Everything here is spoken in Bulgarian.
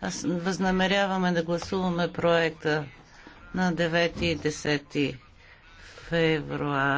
Аз възнамеряваме да гласуваме проекта на 9 и 10 февруари.